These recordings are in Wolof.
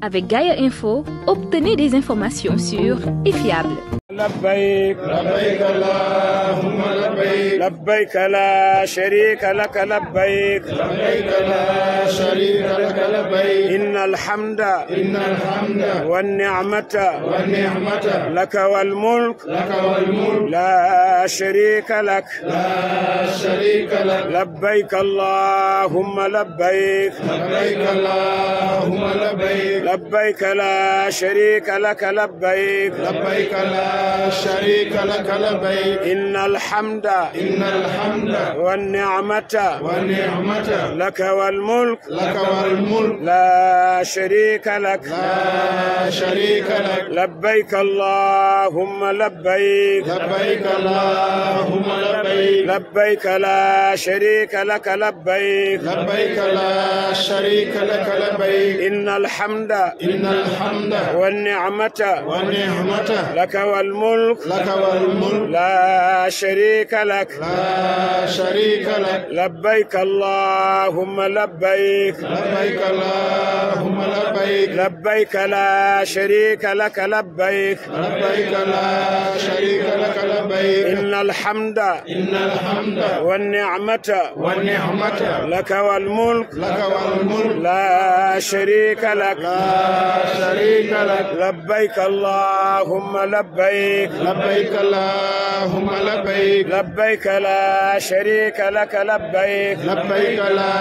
Avec Gaia Info, obtenez des informations sûres et fiables. لبيك لبيك اللهم لبيك لبيك لا شريك لك لبيك لبيك لا شريك لك لبيك إن الحمد إن الحمد والنعمة والنعمة لك والملك لك والملك لا شريك لك لا شريك لك لبيك اللهم لبيك لبيك اللهم لبيك لبيك لا شريك لك لبيك لبيك لا شريك لك لبيك إن الحمد إن الحمد والنعمة والنعمة لك والملك لك والملك لا شريك لك لا شريك لك لبيك اللهم لبيك لبيك اللهم لبيك لبيك لا شريك لك لبيك لبيك لا شريك لك لبيك إن الحمد إن الحمد والنعمة والنعمة لك والملك والملك لك والملك لا شريك لك لا شريك لك لبيك اللهم لبيك لبيك اللهم لبيك لبيك لا شريك لك لبيك لبيك لا شريك لك لبيك إن الحمد إن الحمد والنعمة والنعمة لك والملك لك والملك لا شريك لك لا شريك لك لبيك اللهم لبيك لبيك لبيك اللهم لبيك لبيك لا شريك لك لبيك لبيك لا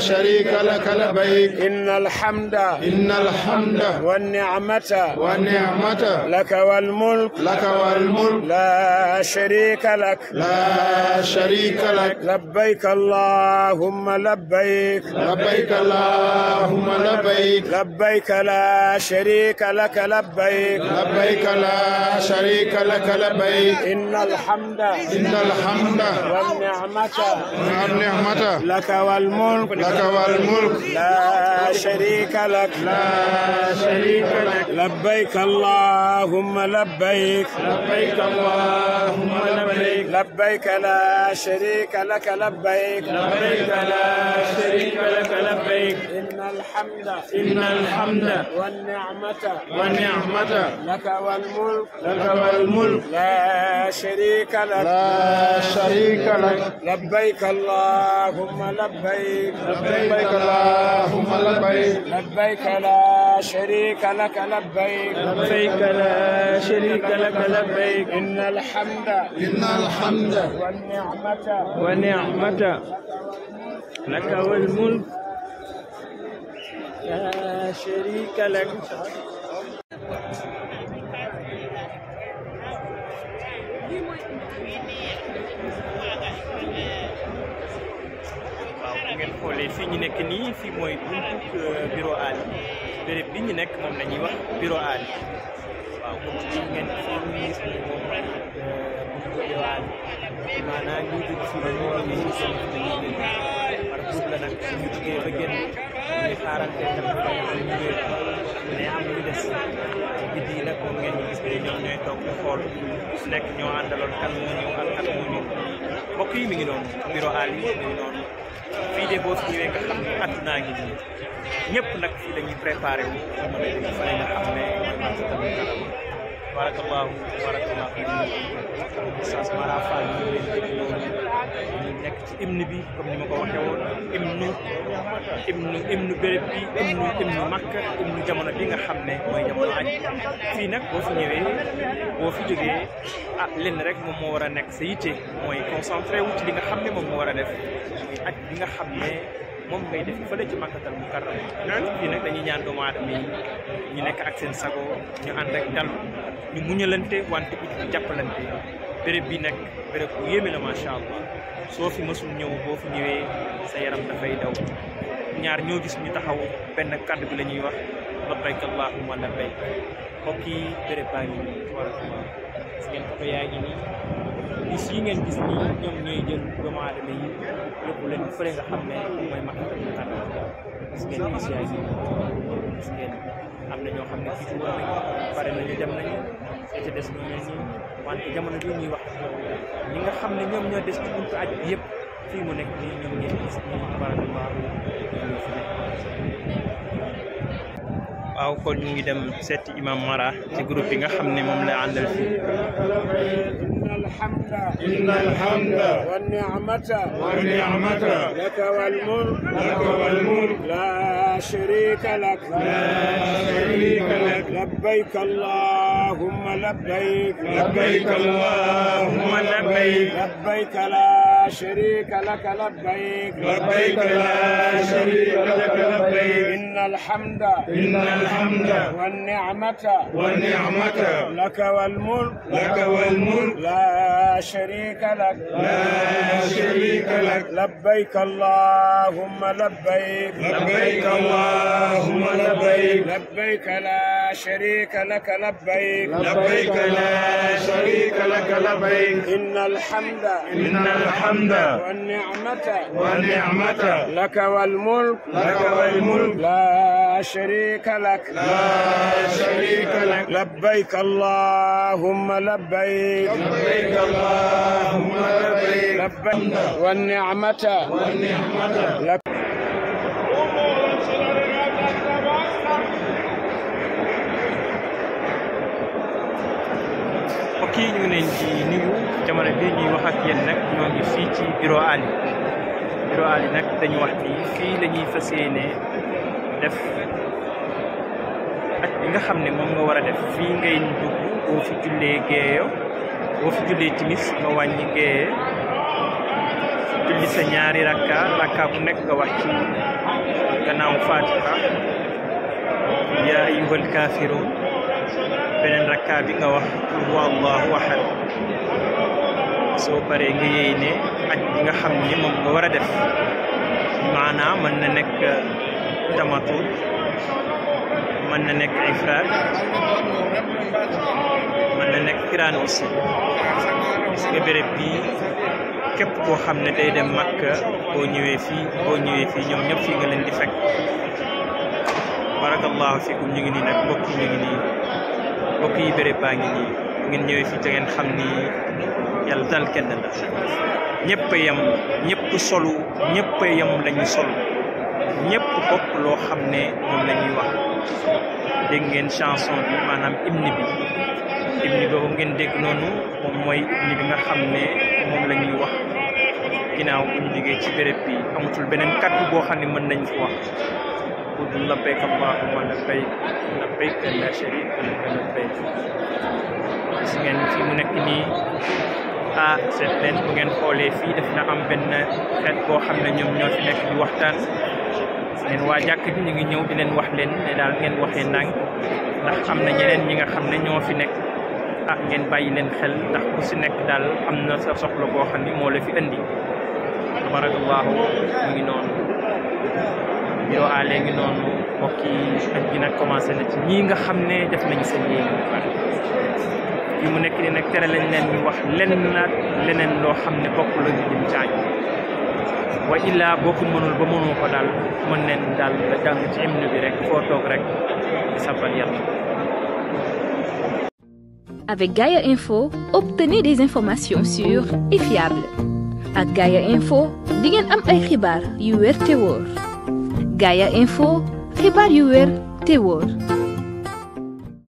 شريك لك لبيك إن الحمد إن الحمد والنعمة والنعمة لك والملك لك والملك لا شريك لك لا شريك لك لبيك اللهم لبيك لبيك اللهم لبيك لبيك لا شريك لك لبيك لبيك لا شريك شريك لك لبيك إن الحمد إن الحمد والنعمة والنعمة لك والملك لك والملك لا شريك لك لا شريك لك لبيك اللهم لبيك لبيك اللهم لبيك لبيك لا شريك لك لبيك لبيك لا شريك لك لبيك إن الحمد إن الحمد والنعمة والنعمة لك والملك لك له الملك لا شريك لك لا شريك لك لبيك اللهم لبيك لبيك اللهم لبيك لبيك لا شريك لك لبيك لبيك لا شريك لك لبيك إن الحمد إن الحمد والنعمة والنعمة لك والملك لا شريك لك ngeen xoolee fii ñu nekk nii fii mooy buntu euh, bureau Ali béréb bi ñu nekk moom la ñuy wax bureau Ali waaw comme ci ngeen fii ñu gis moom buntu bureau maanaam ñu ñu war a ñu la ñu ñu xaarante tamit ñu liggéey mais yi nag moom ngeen ñoom ñooy toog di su nekk ñoo àndaloon kan moo ak kan moo ñëw mbokk yi mi ngi noonu bureau Ali mi ngi noonu fii de boo fi ñëwee nga xam ne àddunaa ngi nii ñëpp nag fii la ñuy préparé wu mën a dégg fële nga ñu nekk ci hymne bi comme ni ma ko waxee woon hymne hymne hymne béréb bi hymne hymne Makka hymne jamono bi nga xam ne mooy jamono aj fii nag boo fi ñëwee boo fi jógee ah lenn rek moom moo war a nekk sa yitte mooy concentré wu ci li nga xam ne moom moo war a def muy aj bi nga xam ne moom ngay def fële ci màkkatal mu karam fii nag dañuy ñaan doomu aadama ñu nekk ak seen sago ñu ànd ak dal ñu muñalante wante bu ñu jàppalante béréb bi nag béréb bu yéeme la macha allah soo fi mësul ñëw boo fi ñëwee sa yaram dafay daw ñaar ñoo gis ñu taxaw benn kàddu bi la ñuy wax labbayk allahumma labbayk mbokk yi béréb baa ngi nii tabarakallah gis ngeen ko yaa ngi nii bis yi ngeen gis nii ñoom ñooy jël doomu aadama yi yóbbu leen fële nga xam ne mooy Makkatal Mukarrama gis ngeen bis yaa ngi nii gis ngeen am na ñoo xam ne fii ci war nañu pare nañu dem nañu yi ci des ñoo ñooy wante jamono bii ñuy wax ñi nga xam ne ñoom ñoo des ci buntu aj bi yëpp fii mu nekk nii ñoom ñooy gis ñoom apparemment ñoo fi nekk. waaw kon ñu ngi dem seeti imam Mara ci groupe bi nga xam ne moom la àndal لا شريك لك لا شريك لك لبيك اللهم لبيك لبيك اللهم لبيك لبيك لا شريك لك لبيك لبيك لا شريك لك لبيك الحمد إن الحمد والنعمة والنعمة لك والملك لك والملك لا شريك لك لا شريك لك لبيك اللهم لبيك لبيك اللهم لبيك لبيك لا شريك لك لبيك لبيك لا شريك لك لبيك إن الحمد إن الحمد والنعمة والنعمة لك والملك لك والملك لا لا شريك لك لا شريك لك لبيك اللهم لبيك لبيك اللهم لبيك لبيك والنعمة والنعمة لك mbokk yi ñu ngi leen di nuyu jamono bii ñuy wax ak yéen nag ñoo ngi fii ci bureau Ali bureau Ali nag dañu wax ni fii la ñuy fas yéenee def ak bi nga xam ne moom nga war a def fii ngay dugg boo fi jullee géeyo boo fi jullee timis nga wàññi géeye julli sa ñaari rakka rakka bu nekk nga wax ci gannaaw fatiha yaa ayyuhal kaafiruun beneen rakka bi nga wax qul huwa allahu ahad soo paree nga yéey ne ak bi nga xam ne moom nga war a def maanaam mën na nekk tamatu mën na nekk ay frère mën na nekk kiraan aussi gis nga béréb bii képp koo xam ne day dem Makka boo ñëwee fii boo ñëwee fii ñoom ñëpp fii nga leen di fekk barakallahu fikum ñu ngi nii nag mbokk yi ñu ngi nii mbokk yi béréb baa ngi nii ngeen ñëwee fii te ngeen xam ni yàlla daal kenn la ñëpp a yem ñëpp solu ñëpp a yem lañu solu ñëpp bokk loo xam ne moom la ñuy wax dégg ngeen chanson bi maanaam hymne bi hymne boobu ngeen dégg noonu moom mooy hymne bi nga xam ne moom la ñuy wax ginnaaw bu ñu jógee ci béréb bi amatul beneen kàddu boo xam ne mën nañ fi wax pour labbayka allahumma labbayk labbayka la mu nekk nii ah seet bu ngeen xoolee fii daf na am benn xeet boo xam ne ñoom ñoo ci nekk di waxtaan leen waa jàkk ji ñu ngi ñëw di leen wax leen ne daal ngeen waxee ndànk ndax am na ñeneen ñi nga xam ne ñoo fi nekk ah ngeen bàyyi leen xel ndax ku si nekk daal am na sa soxla boo xam ne moo la fi indi tabarakallahu mu ngi noonu bureau a léegi noonu mbokk ak gi nag commencé na ci ñii nga xam ne def nañu seen yéene bu baax yi mu nekk ni nag tere lañ leen ñu wax lenn na leneen loo xam ne bokk la ñu jëm caañ wa illaa boo ko mënul ba mënoo dal, daal dal, neen daal da jàng ci hymne bi rek foo toog rek di sabbal yàlla Avec Gaia Info, obtenez des informations sûres et fiables. Ak Gaia Info, di am ay xibar yu wer te wor. Gaia Info, xibaar yu wer te wor.